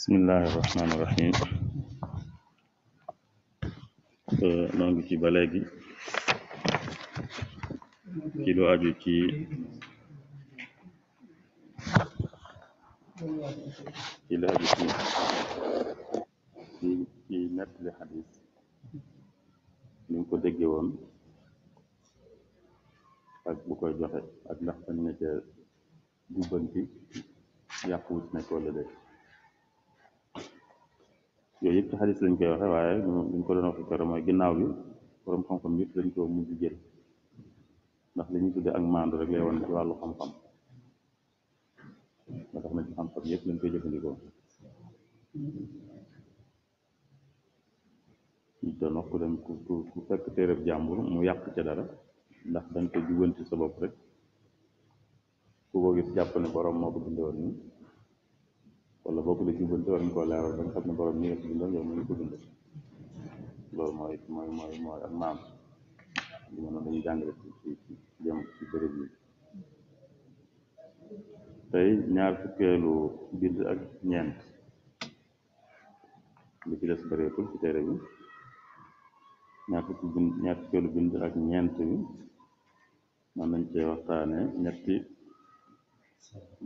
بسم الله الرحمن الرحيم اه، نعم في بلاغي كيلو أجوكي كيلو أجوكي في نت الحديث نمكو دقيوان أك بكو جوخي أك نحن نجا دوبانتي يقوت نكو لديك yooyu yëpp ci xadis lañ koy waxee waaye ñu ko doon waxee keroog mooy ginnaaw bi borom xam-xam yëpp dañ koo mujj jël ndax li ñu ak maandu rek lay wan ci wàllu xam-xam ba tax lañ koy jëfandikoo doon wax ku dem ku ku fekk téereb jàmbur mu yàq ca dara ndax dañ ko jubanti sa bopp rek ku ko gis jàpp ne borom moo ko bindoon nii wala bokk la ci bënte war ñu koo leeral ba nga xam ne borom ñi nga ko dundal yow mu ngi ko dundal loolu mooy mooy mooy ak maam li noonu dañuy ci des bëreetul ci téere bi ñaar fukki bind ñaar fukkeelu bind ak ñeent bi mën nañ cee waxtaane ñetti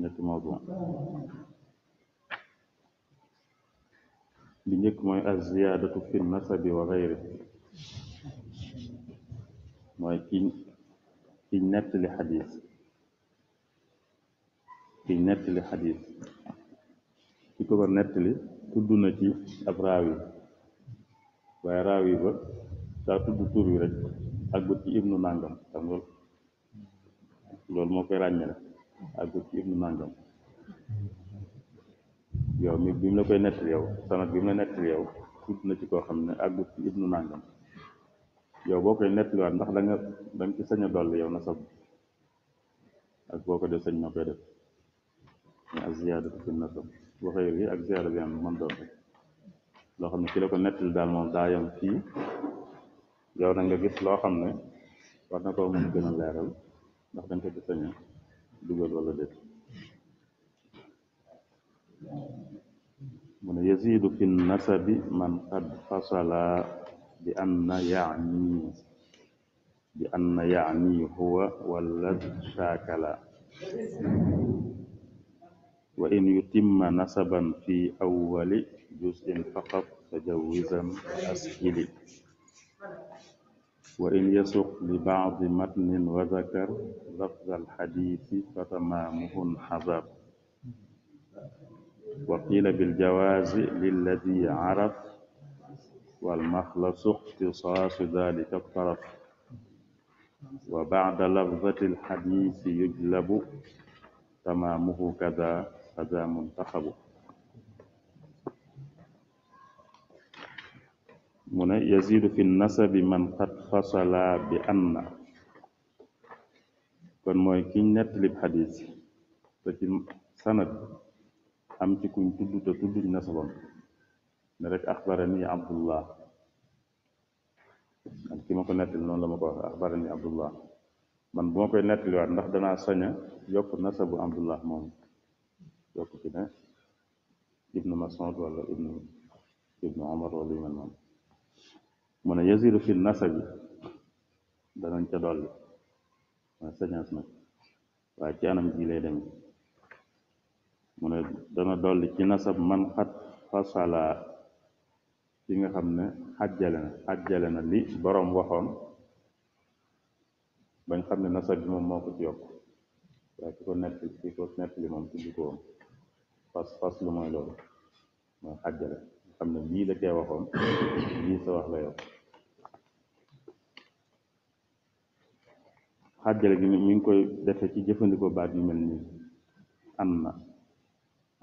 ñetti mawdu bi njëkk mooy az-ziyaadatu fi nasabi wa gayri mooy ki ki nettali xadis ki nettali xadis ki ko ko nettali tudd na ci ab raawi waaye raawi ba saa tudd tur wi rek ak gut ci ibnu nàngam xam nga loolu moo koy ràññale ak gut ci ibnu nàngam yow mi bi mu la koy nettali yow sanad bi mu la nettali yow tudd na ci koo xam ne ak ci ibnu nàngam yow boo koy nettaliwaat ndax da nga da ci sañ a dolli yow na sab ak boo ko def sañ ma koy def ñu ak ziyaadatu bi ak ziyaada bi am rek loo xam ne ki la ko nettali daal moom daa yam fii yow na gis loo xam ne war na koo mën gën a leeral ndax da nga ci sañ a dugal wala déet من يزيد في النسب من قد فصل بأن يعني بأن يعني هو والذي شاكل وإن يتم نسبا في أول جزء فقط تجوزا أسئل وإن يسق لبعض متن وذكر لفظ الحديث فتمامه حذر وقيل بالجواز للذي عرف والمخلص اختصاص ذلك الطرف وبعد لفظة الحديث يجلب تمامه كذا كذا منتخب من يزيد في النسب من قد فصل بأن كن mooy ki ñu nettalib am ci kuñ tudd te tudduñ nasabam ne rek axbarani abdullah ak ki ma ko nettali noonu la ma ko wax axbarani abdullah man bu ma koy nettaliwaat ndax danaa sañ a yokk nasabu abdullah moom yokk ci ne ibnu masud wala ibnu ibnu omar wala yu mel noonu mu ne yasiru fi nasabi danañ ca dolli mooy sañaas nag waaye ci anam ji lay demee mu ne dana dolli ci nasab man xat fasala ki nga xam ne xajjale na xajjale na li boroom waxoon bañ xam ne nasab bi moom moo ko ci yokk waaye ki ko nett ki ko nett li moom tuddu ko fas fas lu mooy loolu mooy xajjale xam ne lii la waxoon lii sa wax la yokk xajjale gi mi ngi koy defe ci jëfandikoo baat yu mel nii am na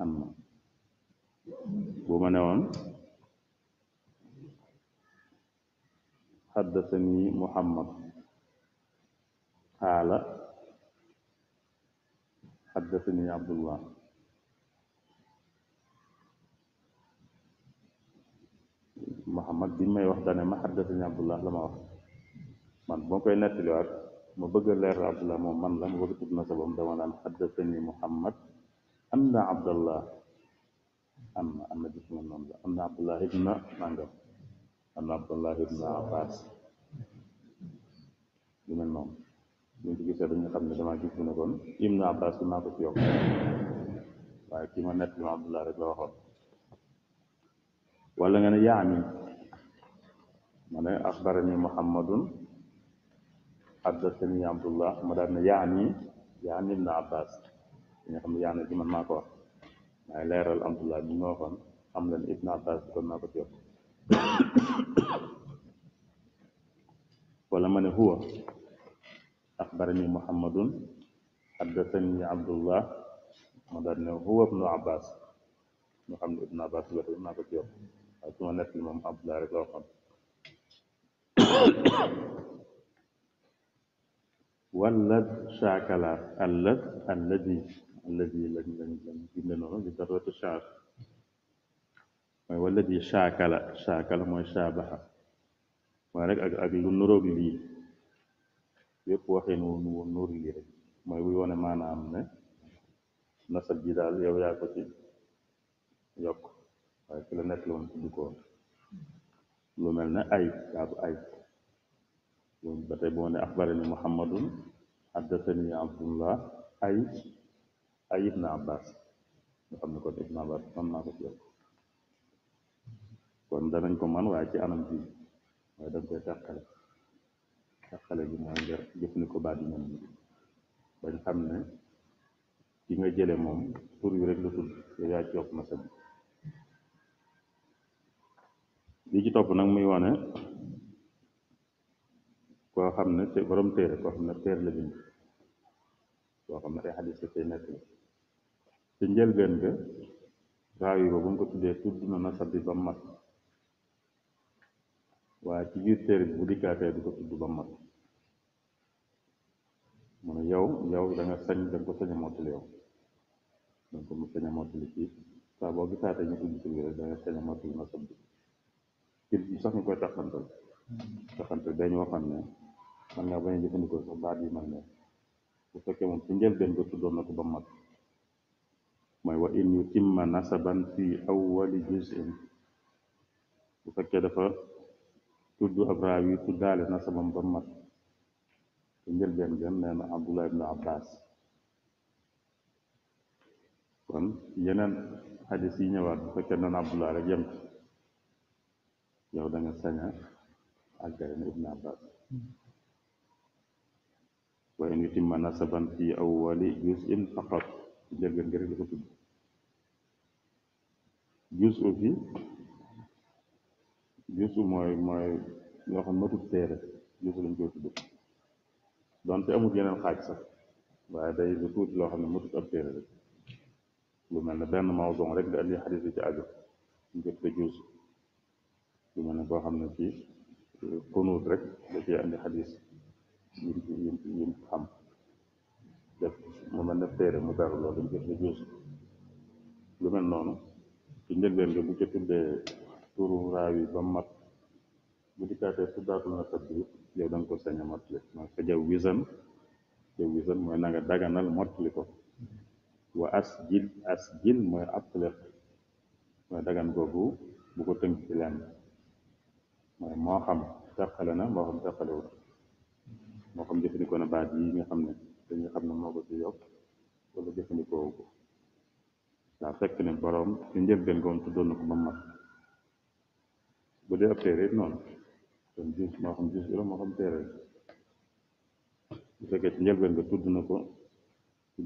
am حدثني محمد قال حدثني عبد الله محمد بما يوحد أنا ما حدثني عبد الله لما وقت من بمكو ينتلوك ما بقى لير عبد الله مو من لم وقت ابن سبب دوانا حدثني محمد am na abdallah am na am na gis nga noonu a am na abdallah ibna nangam am na maa ko ci yokk waaye nga ne yaani ma ne axbarani muhammadun haddathani ne yaani yaani ibna li nga xam ne yaa na ji man maa ko wax waaye leeral amtulaa bi ñu waxoon xam leen ibn abbas doon naa ko ci yokk wala ma ne huwa axbarani muhammadun haddasani abdullah ma daal ne huwa ibnu abbas ñu xam ne ibn abbas wér naa ko ci yokk waaye su ma nekk li moom abdullah rek la waxoon wallad shaakala allad alladi الذي لم لم لم لم نعم، لم الشعر والذي شاع كلا شاع كلا ما شاع بها وانك اقل النور لي يب واخي نو نور لي رك ما وي وانا ما نام نه نصب جي دال يو يا كو تي يوك واي كلا نت لون ديكو لو ملنا اي كاب اي لون باتاي بوني اخبارني محمد حدثني عبد الله اي ay ibn abbas nga xam ne kon ibn abbas man naa ko yokk kon danañ ko man waaye ci anam bi waaye dañ koy tàqale tàqale bi mooy nga jëfandikoo baat yi ñoom bañ xam ne ki nga jële moom pour yu rek la tudd yow ci yokk masa bi li ci topp nag muy wane koo xam ne te borom téere koo xam ne téere la bind koo xam ne ay xadis la tey nekk la ca njëlbeen ga raawi ba bu ñu ko tuddee tudd na nasab bi ba mat waaye ci biir téere bi bu dikkaatee du ko tudd ba mat mu ne yow yow da sañ da ko sañ a yow da ko mu sañ a nga koy taxantal taxantal dañu waxoon ne man ngaa bañ a jëfandikoo sax baat yi man ne bu fekkee moom ci njëlbeen ga tuddoon na ko ba mat ما وإن يتم نسبا في أول جزء وفكر دفا تود أبراوي تود نسبا بمر تنجل بين جنة عبد الله بن عباس كون ينن حديثي نوار فكر نن عبد الله رجيم يهودان السنة أجرن ابن عباس وإن يتم نسبا في أول جزء فقط jaggar ngari la ko tudd juzu fi juzu mooy mooy loo xam matut téere juzu lañ koy tudd donte amul yeneen xaaj sax waaye day lu tuuti loo xam ne matut ab téere rek lu mel ne benn mawdon rek da andi xadis yi ci aju ñu koy tudd juzu lu mel ne koo xam ne ci xunuut rek da cee andi xadis yim yim yim xam def mu mel mu beru loolu lu mel noonu ci njëlbeen nga bu ca tuddee turu raaw ba mat bu dikkaatee tuddaatul na sab bi yow da nga ko sañ a mottali man fa jaw wisan jaw wisan mooy na nga daganal mottali ko wa as jil as jil mooy àttaliq mooy dagan googu bu ko tënk ci lenn mooy moo xam teqale na moo xam teqalewut moo xam jëfandikoo na baat yi nga xam ne te ñu xam ne moo ko ci yokk wala jëfandikoo ko daa fekk ne boroom na ko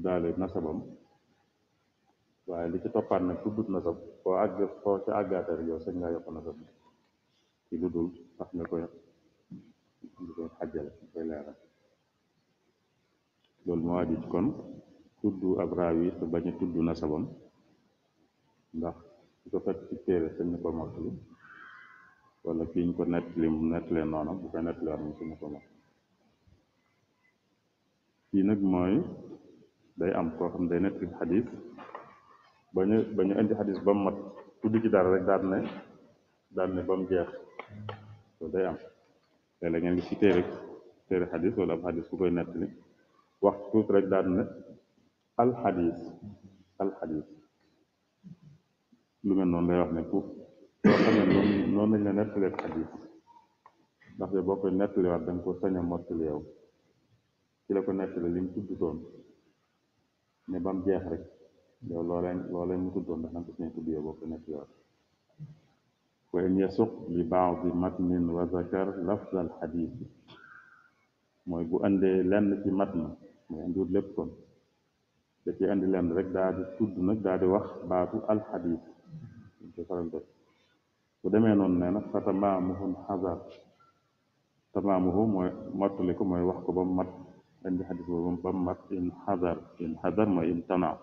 ba it nasabam waaye li ci toppaat nag tuddut nasab koo àgg koo ci àggaate rek yow sañ nasab ci lu dul tax nga koy di loolu moo aju ci kon tudd ab raawi te bañ a tudd ndax su ko fekk ci téere sañ na ko mottali wala kii ñu ko nettali mu nettalee noonu bu ko nettalee wax mu sañ na ko mottali nag mooy day am koo xam day nettali xadis bañu bañu indi xadis ba mu mat tudd ci dara rek daan ne daan ne ba mu jeex loolu day am léeg-léeg ngeen gis ci téere téere xadis wala ab xadis ku koy nettali wax tuut rek daal ne alxadis alxadis lu mel noonu lay wax ne ku loo xam ne noonu noonu lañ la nettalee xadis ndax yow boo koy nettaliwaat da nga ko sañ li mu tudd doon jeex rek yow loolee loolee mu tuddoon ndax da nga ko sañ a tudd yow boo koy nettaliwaat wa in yasuq li baadi mat wa zakar lafz alxadis mooy bu andee lenn ci matn mooy ndur lépp kon da ci andi leen rek daal di tudd nag daal di wax baatu alxadis uñ ko faral def bu demee noonu nee na fa tamaamuhum xasar tamaamuhu mooy mottali ko mooy wax ko ba mu mat indi xadis boobu ba mu mat in xasar in xasar mooy in tanaaw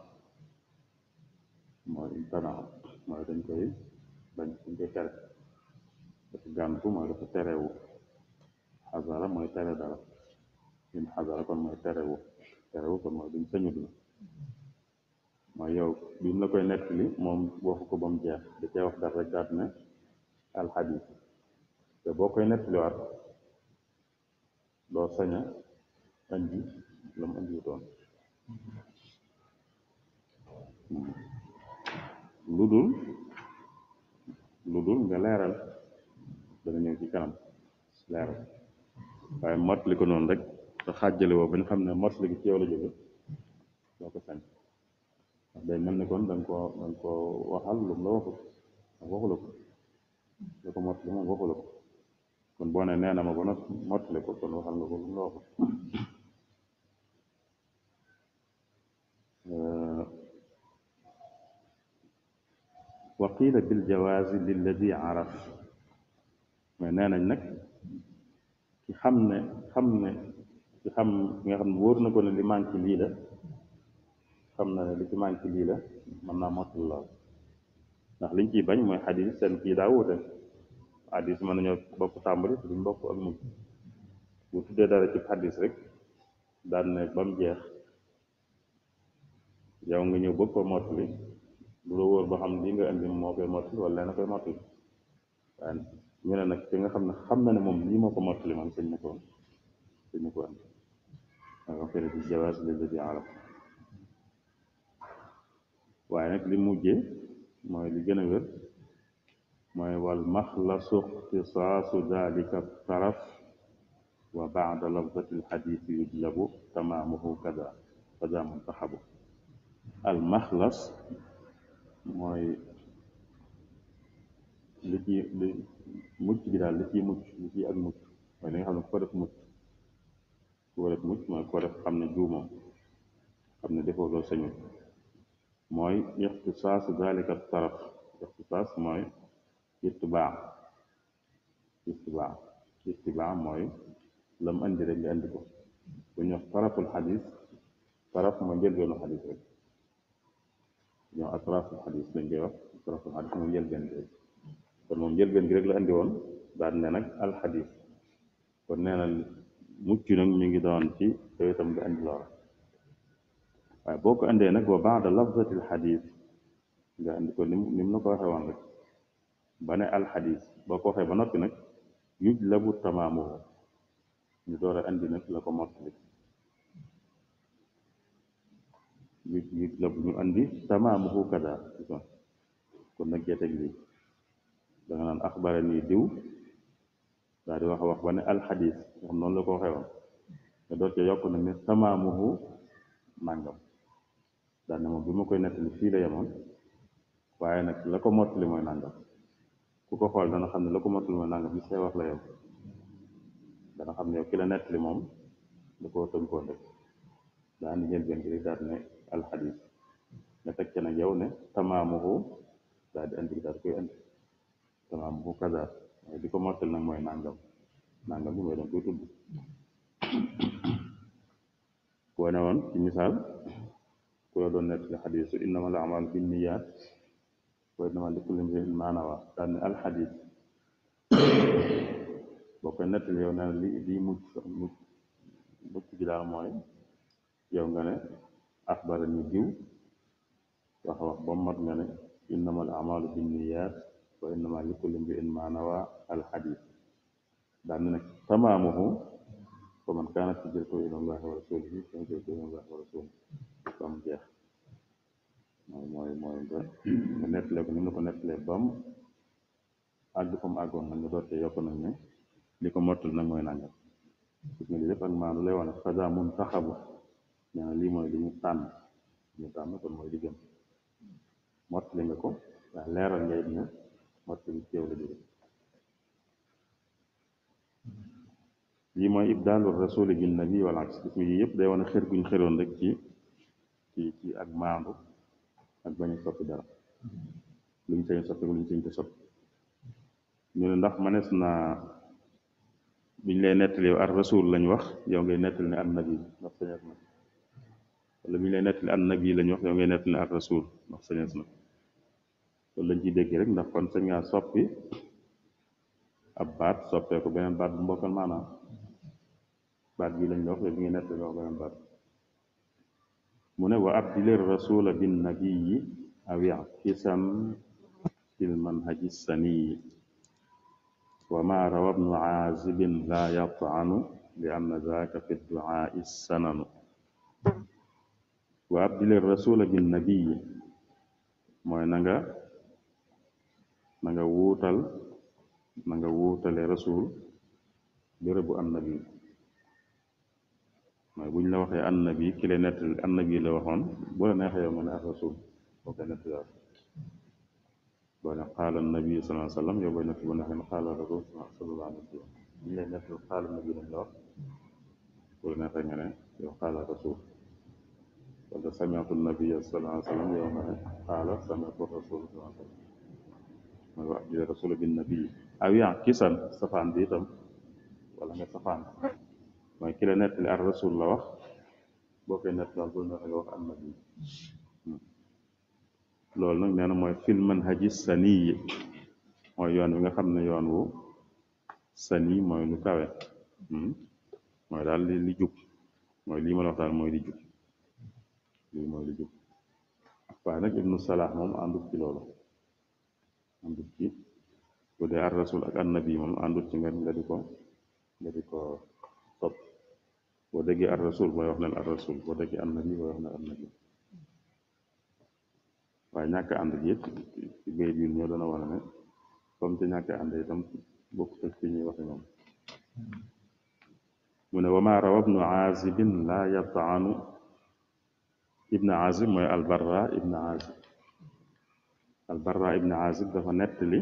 mooy in tanaaw mooy dañ koy bañ dañ koy tere dafa gàntu mooy dafa terewu xasara mooy tere dara in xasara kon mooy terewu terewu ko mooy duñ sañuduñ mooy yow biñ la koy nettali moom waxu ko ba mu jeex da cee wax dara rek daat ne te boo koy nettaliwaat doo saña andi la mu andi lu dul lu dul nga leeral dana ñëw ci kanam leeral waaye mottali ko noonu rek te xaajale woo ba ñu xam ne mottali gi ci yow la jóge doo ko sañ ndax day mel ni kon da nga koo da nga koo waxal lu mu la waxul ndax waxula ko da ko mottali moom waxula ko kon boo ne nee na ma ba not mottali ko kon waxal nga ko lu mu la waxul wa qila bil jawaazi lilladi araf mais nee nañ nag ki xam ne xam ne ci xam nga xam wóor na ko ne li manqué lii la xam na ne li ci manqué lii la man naa motul lool ndax liñ ciy bañ mooy xadis seen kii daa wuute xadis mën nañoo bokk tàmbali bokk ak lu bu tuddee dara ci xadis rek daan ne ba mu jeex yow nga ñëw bëgg ko mottali du la wóor ba xam li nga indi moo koy mottali wala na koy mottali waaye ñu ne nag ki nga xam ne xam na ne moom lii moo ko mottali moom sëñ na ko sëñ غفرت الجواز lilladi araf waaye nag li mujje mooy li gën a wér mooy wal maxlasu ixtisaasu dalika taraf wa baada lafzati lxadisi yujlabu tamaamuhu kada kada muntaxabu al maxlas mooy li ci li mucc bi daal li ciy mucc li ciy ak mucc mooy li nga xam ne ko def mucc كولب موت موي كولب خامنا جوما خامنا ديفو لو سانيو موي اختصاص ذلك الطرف اختصاص موي اتباع اتباع اتباع موي لم اندي رك انديكو بنيو طرف الحديث طرف ما جيل بينو حديث رك نيو اطراف الحديث لنجي وخ اطراف الحديث مو جيل بين رك كون موم جيل بين رك لا اندي وون دا نك الحديث كون نينا mucc nag mi ngi doon ci yow itam nga indi loola waaye boo ko indee nag wa baada lafzatil xadis nga indi ko ni mu la ko waxee woon rek ba ne alxadis boo ko waxee ba noppi nag yuj labu tamaamu ñu door la ko mottali yuj yuj labu kon nag jee lii da nga axbara nii diw daal di wax wax ba ne alxadis moom noonu la ko waxee woon te doo cee yokk na ne tamaamuhu nàngam daal ne moom bi ma koy nettali fii la yemoon waaye nag la ko mottali mooy nàngam ku ko xool dana xam ne la ko mottali mooy nàngam li say wax la yow dana xam ne yow ki la nettali moom da koo tënkoon rek daa ni njëlbeen gi daal ne alxadis nga teg ca na yow ne tamaamuhu daal di andi daal koy andi tamaamuhu kazaar di ko mortal nag mooy nangam nangam bi mooy da nga koy tudd koo ne woon ci misaal ku la doon nekk ci xadiisu innamal a'maalu binniyaat wa innamaa likulli imri'in maa nawaa daal ne alxadiis boo koy nettali yow nee na li lii mujj mujj mujj gi daal nga ne axbarani diw wax wax ba mat nga ne innamal a'maalu binniyaat wa innama li kulli imri'in ma nawa al hadith dan nak tamamuhu wa man kanat hijratu ila Allah wa rasulihi fa hijratu ila Allah wa rasulihi bam jeex mooy mooy mooy nga nga nettalee ko ni nga ko nettalee bam àgg fa mu àggoon nag nga door cee yokk nag ne li ko mottal nag mooy nangam gis nga li lépp ak kan maandu lay wane xaja mun taxabu nee na lii mooy li ñu tànn ñu tànn kon mooy li gën mottali nga ko ndax leeral ngay dina marché bi teew la jóge lii mooy ibdaalu rasuli bin nabi wal aks gis nga yii yëpp day wane xër guñ xëroon rek ci ci ci ak maandu ak bañ a soppi dara luñ sañ soppi luñ sañ ko soppi ñu ne ndax manees naa biñ lay nettali yow ar rasul lañ wax yow ngay nettali ne an nabi ndax sañees na wala biñ lay nettali an nabi lañ wax yow ngay nettali ne ar rasul ndax sañees na loolu lañ ciy dégg rek ndax kon sañ ngaa soppi ab baat soppee ko beneen baat bu mbokkal maanaam baat bii lañ la wax yow bi nga nett la wax beneen baat mu ne wa abdilir rasula bin nabiyi aw yaxkisam fil manhaji saniyi wa ma rawa bnu aazibin la yatanu li anna zaaka fi duaai sananu wa abdilir rasula bin nabiyi mooy na nga na nga wuutal na nga wuutale rasul bërëbu annabi mooy buñ la waxee annabi ki lay nettali annabi la waxoon bu la neexee yow nga ne ak rasul boo koy nettali boo ne qaala annabi sallallahu alayhi wa sallam yow booy nett bu neexee qaala rasul sallallahu alayhi wa sallam buñ lay nettali qaala annabi lañ la wax bu la neexee nga ne yow qaala rasul wala samiatu annabi sallallahu alayhi wa sallam yow nga ne qaala samiatu rasul sallallahu alayhi wa sallam mooy wax ji rasula bin nabi aw yaa kisam safaan bi itam wala nga safaan mooy ki la nettali ar rasul la wax boo koy nett daal bul neexe nga wax an nabi hmm. loolu nag nee na mooy fil manhaji saniyi mooy yoon wi nga xam ne yoon wu sani mooy lu kawe mooy hmm. daal mooy lii ma la wax daal mooy li jub lii mooy li ci loolu àndut ci bu dee ar rasul ak annabi moom àndut ci nga nga di ko nga di ko topp boo déggee rasul booy wax leen ar rasul boo déggee annabi booy wax ne annabi waaye ñàkk ànd gi it ci bay a ne comme te ñàkk ànd itam bokk ak fi ñuy waxe ñoom mu ne wama rawa ibnu aazibin la yataanu Albarra ibn Azib dafa nettali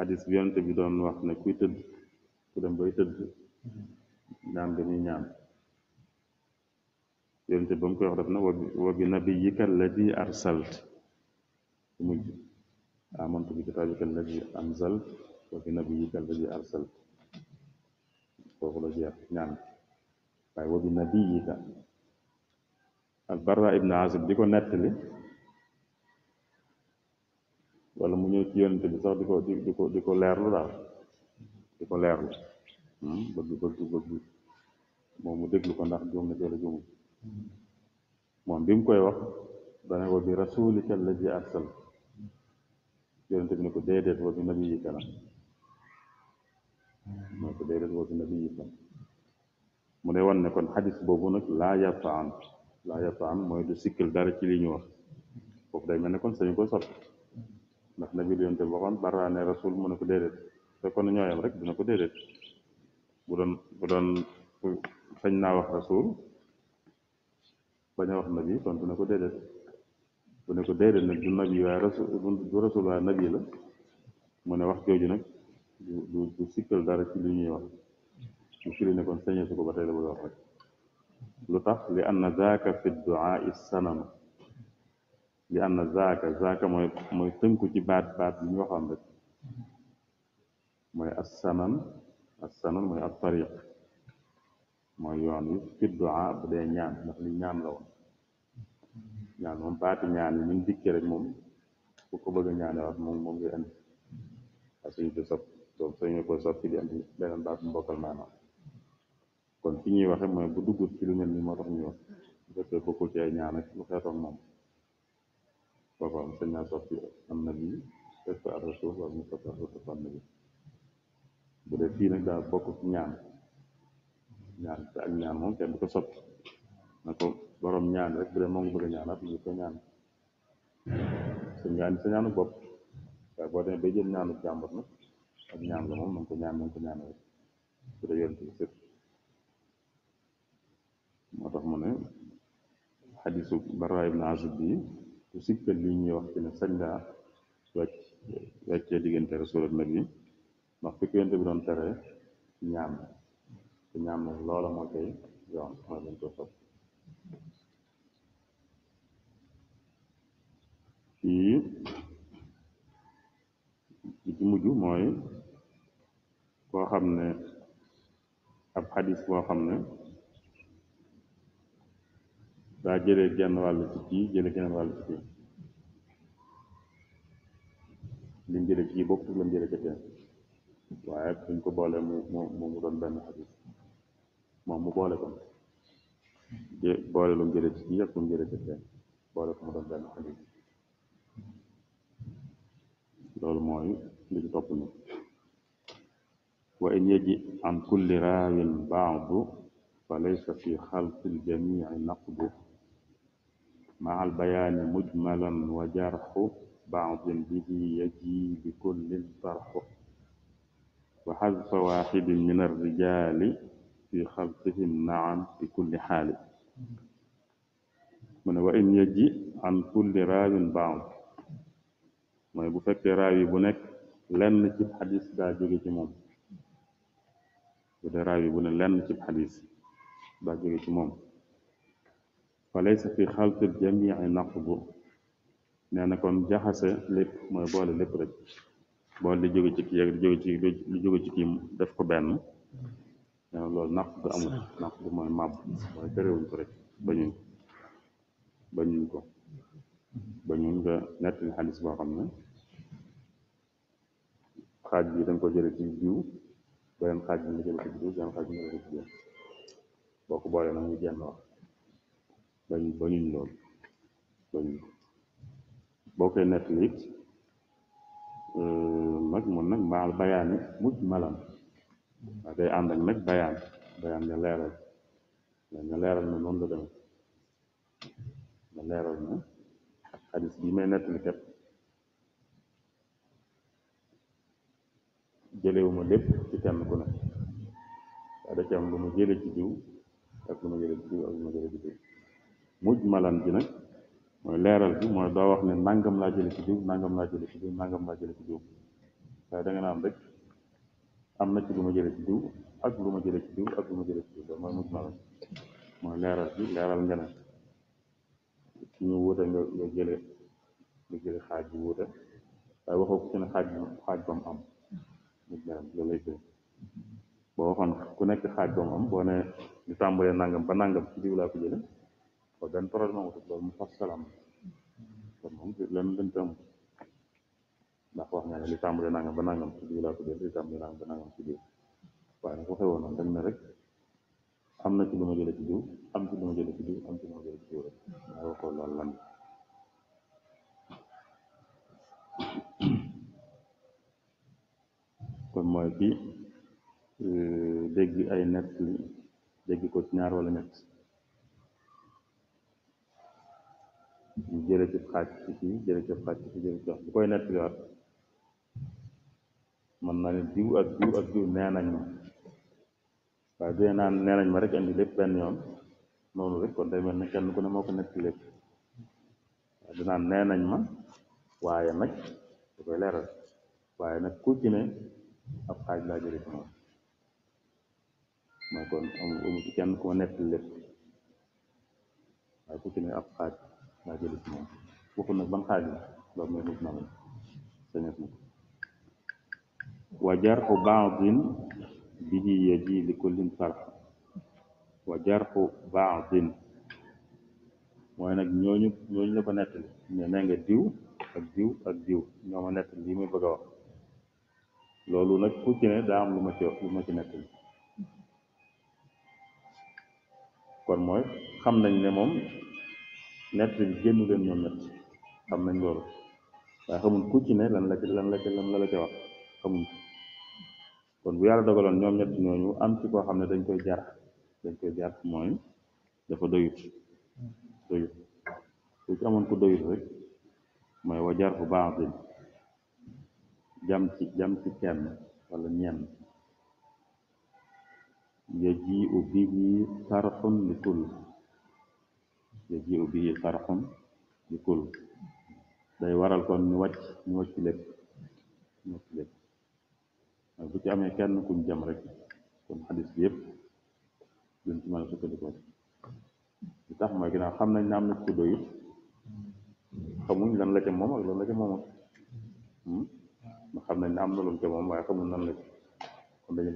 xadis bi yonent bi doon wax ne kuy tëdd ku dem bay tëdd ñaan bi muy ñaan yonent ba mu koy wax def na wa bi nabiyyika alladi arsalt mujj amantu bi kitaabika alladi anzalt wa bi nabiyyika alladi arsalt foofu la jeex ñaan waaye wa bi nabiyyika Albarra ibn Azib di ko nettali wala mu ñëw ci yonente bi sax di ko di ko di ko leerlu daal di ko leerlu hmm, bëgg bëgg bëgg moom mu déglu ko ndax juum na jëla juumul moom bi koy wax dana ko bi rasulika alladi arsal yonente ne ko déedéet wa bi nabiyika la ne ko déedéet wa bi mu ne wan ne kon xadis boobu nag laa yarta am laa yarta am mooy du sikkal dara ci li ñu wax foofu day mel ne kon sañu ko soppi ndax la bi yonte bi waxoon bara ne rasul mu ne ko déedéet fekkoon na rek dina ko déedéet bu doon bu doon sañ naa wax rasul bañ a wax nabi kon dina ko déedéet bu ko déedéet nag du nabi waaye rasul du rasul waaye nabi la mu ne wax jooju nag du du sikkal dara ci li ñuy wax ñu firi ne kon sañee su ko ba tey bu wax rek lu tax li anna zaaka fi duaa sanama li am na zaaka zaaka mooy mooy tënku ci baat baat bi ñu waxoon rek mooy a assaman mooy ab tariq mooy yoon wi fi duaa bu dee ñaan ndax li ñaan la woon ñaan moom baati ñaan yi ñu dikkee rek moom ku ko bëgg a ñaane wax moom moom kon fi ñuy waxe mooy bu duggut ci lu mel ni moo tax ñu wax bu fekkee bokkul ñaan ak lu xeetoon moom وبعثنا النبي est ar rasul wal mustaqarru tafanni bu dee fii nag daa bokk ci ñaan ñaan te ak ñaan moom kenn du ko soppi na ko borom ñaan rek bu dee moom bëgg a ñaanaat mu ko ñaan sa ñaan sa ñaanu bopp waaye boo demee bay jël ñaanu ak ñaan la rek bu ibn ku sikkal li ñuy wax ci ne sañ ngaa wàcc wàccee diggante rasul ak nabi ndax fi ko bi doon tere ñaam la te ñaam la loola moo koy yoon mooy lañ ko sopp fii li ci mujj mooy koo xam ne ab xadis boo xam ne da jëlee genn wàll ci kii jëlee genn wàll ci kii li mu jëlee ci kii bokkul la mu jëlee ca teen waaye suñ ko boolee mu mu mu doon benn xadis moom mu boole ko boole lu mu jëlee ci kii ak lu mu jëlee ca teen boole ko mu doon benn xadis loolu mooy li ci topp ni wa in yaji an kulli raawin baadu fa laysa fi xalqi ljamici naqdu مع البيان مجملا وجرح بعض به يجي بكل طرح وحذف واحد من الرجال في خلقهم نعم كل حال من وإن يجي عن كل راو بعض ما يبفك راوي بنك لن نجيب حديث دا جوجي موم ودا راوي بنك لن نجيب حديث دا جوجي موم فليس في خلط الجميع نقض نانا كون جاحس لب ما بول لب رج بول لي جوغي تي ياغ جوغي تي لي جوغي تي كيم داف كو بن نانا لول نقض امو نقض موي ماب موي تريو نكو رج باني باني نكو باني نغا نات الحديث بو خامنا خاج بي دنجو جيري تي جيو بن خاج ني جيري تي جيو بن خاج ني جيري تي جيو بوكو بولي نا ني جين واخ bañ bañuñ lool bañuñ boo koy nettali it nag euh, moom nag maal bayaani mujj malam waa day ànd ak nag bayaan bayaan nga leeral nga leeral na noonu la demee nga leeral na xadis bi may nettali jëlewuma lépp ci kenn ku ne daa da ci lu ma jële ci diw ak lu ma jële ci diw mujj malan bi nag mooy leeral bi mooy doo wax ne nangam laa jële ci diw nangam laa jële ci diw nangam waaye da nga naan rek am na ci lu jële ci diw ak lu ma jële ci diw ak lu ma jële ci diw loolu mooy mujj malaan mooy leeral bi leeral nga ne ci ñu wuute nga jële nga jële xaaj bu wuute waaye waxoo ko ci ne xaaj xaaj am boo waxoon ku nekk xaaj ba mu am boo ne di nangam ba nangam ci diw laa ko jële Dan parlar-ne amb tot el món, moom lenn lañ ci am ndax wax nga ne li tàmbale nangam ba nangam ci biir laa ko jël li tàmbale nangam ba nangam ci biir waaye nag waxee woon noonu dañ ne rek am na ci lu ma degi ci degi am ci ñu jële ci xaaj bu koy nettaliwaat mën na ne diw ak diw ak nañ ma waaye dee naan nee nañ ma rek andi lépp benn yoon noonu rek kon day mel ne kenn ku ne moo ko nekk lépp waaye dinaan nee nañ ma waaye nag da koy leeral waaye nag ku ci ab xaaj la jële ci moom mooy kon kenn ku ma nekk lépp waaye ku ci ab xaaj daa jële ci moom waxul nag ban xaaj la loolu mooy mujj na sañes na wa jarxu baadin bihi yaji li kullin sarf wa jarxu baadin mooy nag ñooñu ñooñu la ko nettali ne nee nga diw ak diw ak diw ñoo ma nettali lii muy bëgg wax loolu nag ku ne daa am lu ma ci lu ma ci nettali kon mooy xam nañ ne moom nett bi génn leen ñoom nett xam nañ loolu waaye xamul ku ci ne lan la ci lan la ci lan la la ca wax xamul kon bu yàlla dogaloon ñoom ñett ñooñu am ci koo xam ne dañ koy jar dañ koy jar mooy dafa doyut doyut ku ci amoon ku doyut rek mooy wa jar bu baax din jam ci jam ci kenn wala ñenn ya ji u bii sarxun li kull yajiu bihi qarxun di kul day waral kon ñu wàcc ñu wàcc lépp ñu wàcc lépp waaye bu ci amee kenn kuñ jam rek kon xadis bi yëpp tax mooy ginnaaw xam nañ ne am na ku doyut xamuñ lan la ca moom ak hmm? xam nañ ne am na lu ca moom waaye xamuñ lan la ca kon dañu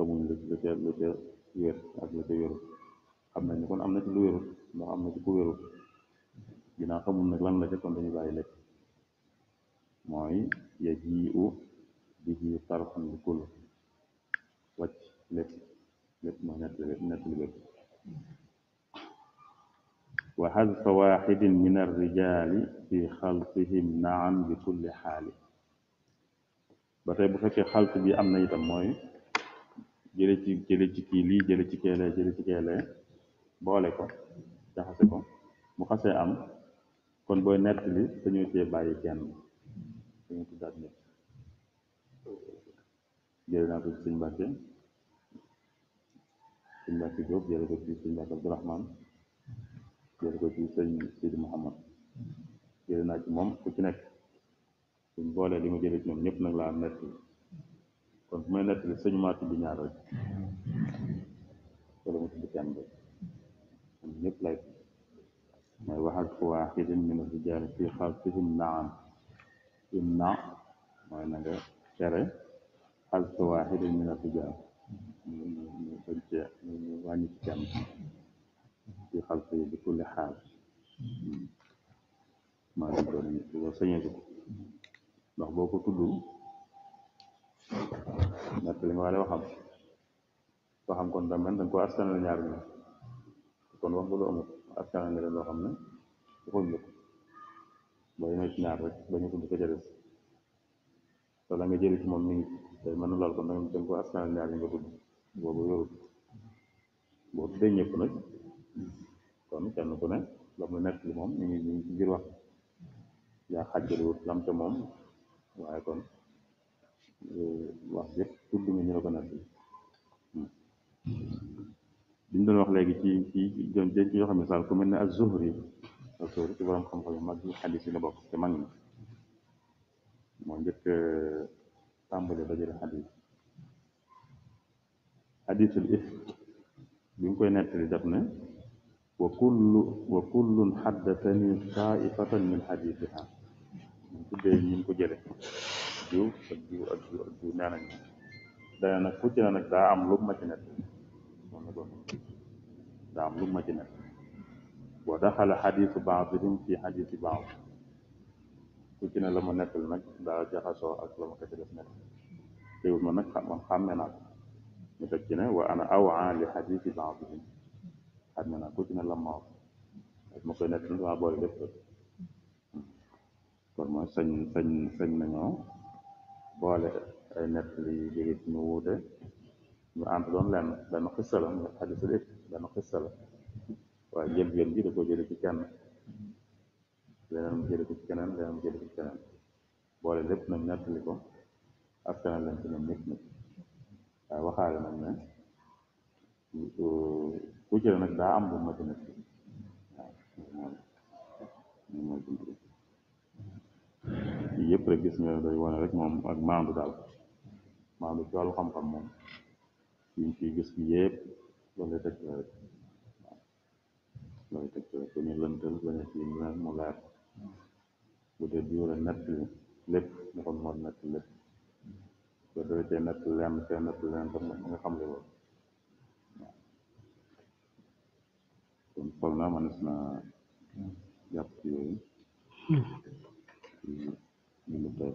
xamuñ lu ca ca wér ak la ca wérul xam nañ ne kon am na ci lu wérul ndax am na ci ku wérul ginnaaw xamul nag lan la ca kon dañu bàyyi lépp mooy ya jiu di ji tarfan bi kull wàcc lépp lépp mooy nettali lépp nettali lépp wa xadfa waxidin min arrijaali fi xaltihim naam bi kulli xaali ba tey bu fekkee xalt bi am na itam mooy jële ci jële ci kii lii jële ci keelee jële ci keelee boole ko jaxase ko bu xasee am kon booy nettali dañoo cee bàyyi kenn dañu tuddaat ñëpp jële naa ko ci sëñ Mbàkke sëñ Mbàkke Jóob jële ko ci sëñ Mbàkke Abdourahman jële ko ci sëñ Sidi Mouhamad jële naa ci moom ku ci nekk suñ boolee li ma jële ci ñoom ñëpp nag laa nettali kon bu may nettali sëñ maa tudd ñaar rek wala mu tudd kenn rek am ñëpp lay may waxal ko waaxidin min rijaal fi xalfihim naam imna mooy na nga tere xalf waaxidin min rijaal ñu bañ cee ñu wàññi ci kenn fi xalfihim bi kulli xaal maa ngi doon ñu ko sañee ko ndax boo ko tuddul nettali waale waxam waxam kon da mel dañ koo askanal ñaar ñi kon wax nga lu amut askanal nga leen loo xam ne waxuñ la ko boo yemee ci ñaar rek ba la nga jëli moom mi ngi day mën ñaar ñi nga tudd boobu yorut boo tuddee ñëpp nag kon kenn ku ne la mu nekk li moom ñu ngi ñu wax yaa xàjjaliwut lam ca moom waaye kon wax yëpp tudd nga ñu la ko natt liñ doon wax léegi ci ci jon ci yoo xam ne saal ku mel ne ak zuhri yi ak zuhri ci borom xam-xam yu mag yi xadis yi la bokk te mag na moo njëkk tàmbale dajale xadis xadisul if bi nga koy nettali def ne wa kullu wa kullun xaddatani taifatan min xadisiha ñu tuddee ñi ko jële diw ak diw ak diw ak diw nee nañ dana nag ku ci ne nag daa am lu ma ci nekk moom la ko daa am lu ma ci nekk boo daxale xadiisu baadihim fi xadiisi baad ku ci ne la ma nekkal nag daa jaxasoo ak la ma ko ci def nekk teewul ma nag man xàmme naa ko ñu teg ci ne wa ana awaa li xadiisi baadihim xàmme naa ku ci ne la ma wax ak ma koy nekk nag maa boole lépp kon mooy sañ sañ sañ nañoo Voilà, Netflix jegit nuwude ànduloon lenn benn xissa la mu xadisu it benn xissa la waaye njëlbeen bi da ko jële ci kenn leneen mu jële ko ci keneen leneen mu jële ko ci keneen boole lépp nag nettali ko askanal leen ci ñoom ñëpp nag waaye waxaale nag ne ku ci nag daa am bu ma ci nekk waaw mooy bunt bi yii rek gis nga day wane rek moom ak maandu daal maandu ci xam-xam moom yiñ ciy gis bi yëpp loolu lay tegtale rek loolu lay tegtale rek ci nag mu leer bu dee di wala nett lépp nga xam nett lépp soo dee xam le loolu kon foog naa manes na jàpp ci yooyu hmm. le moteur.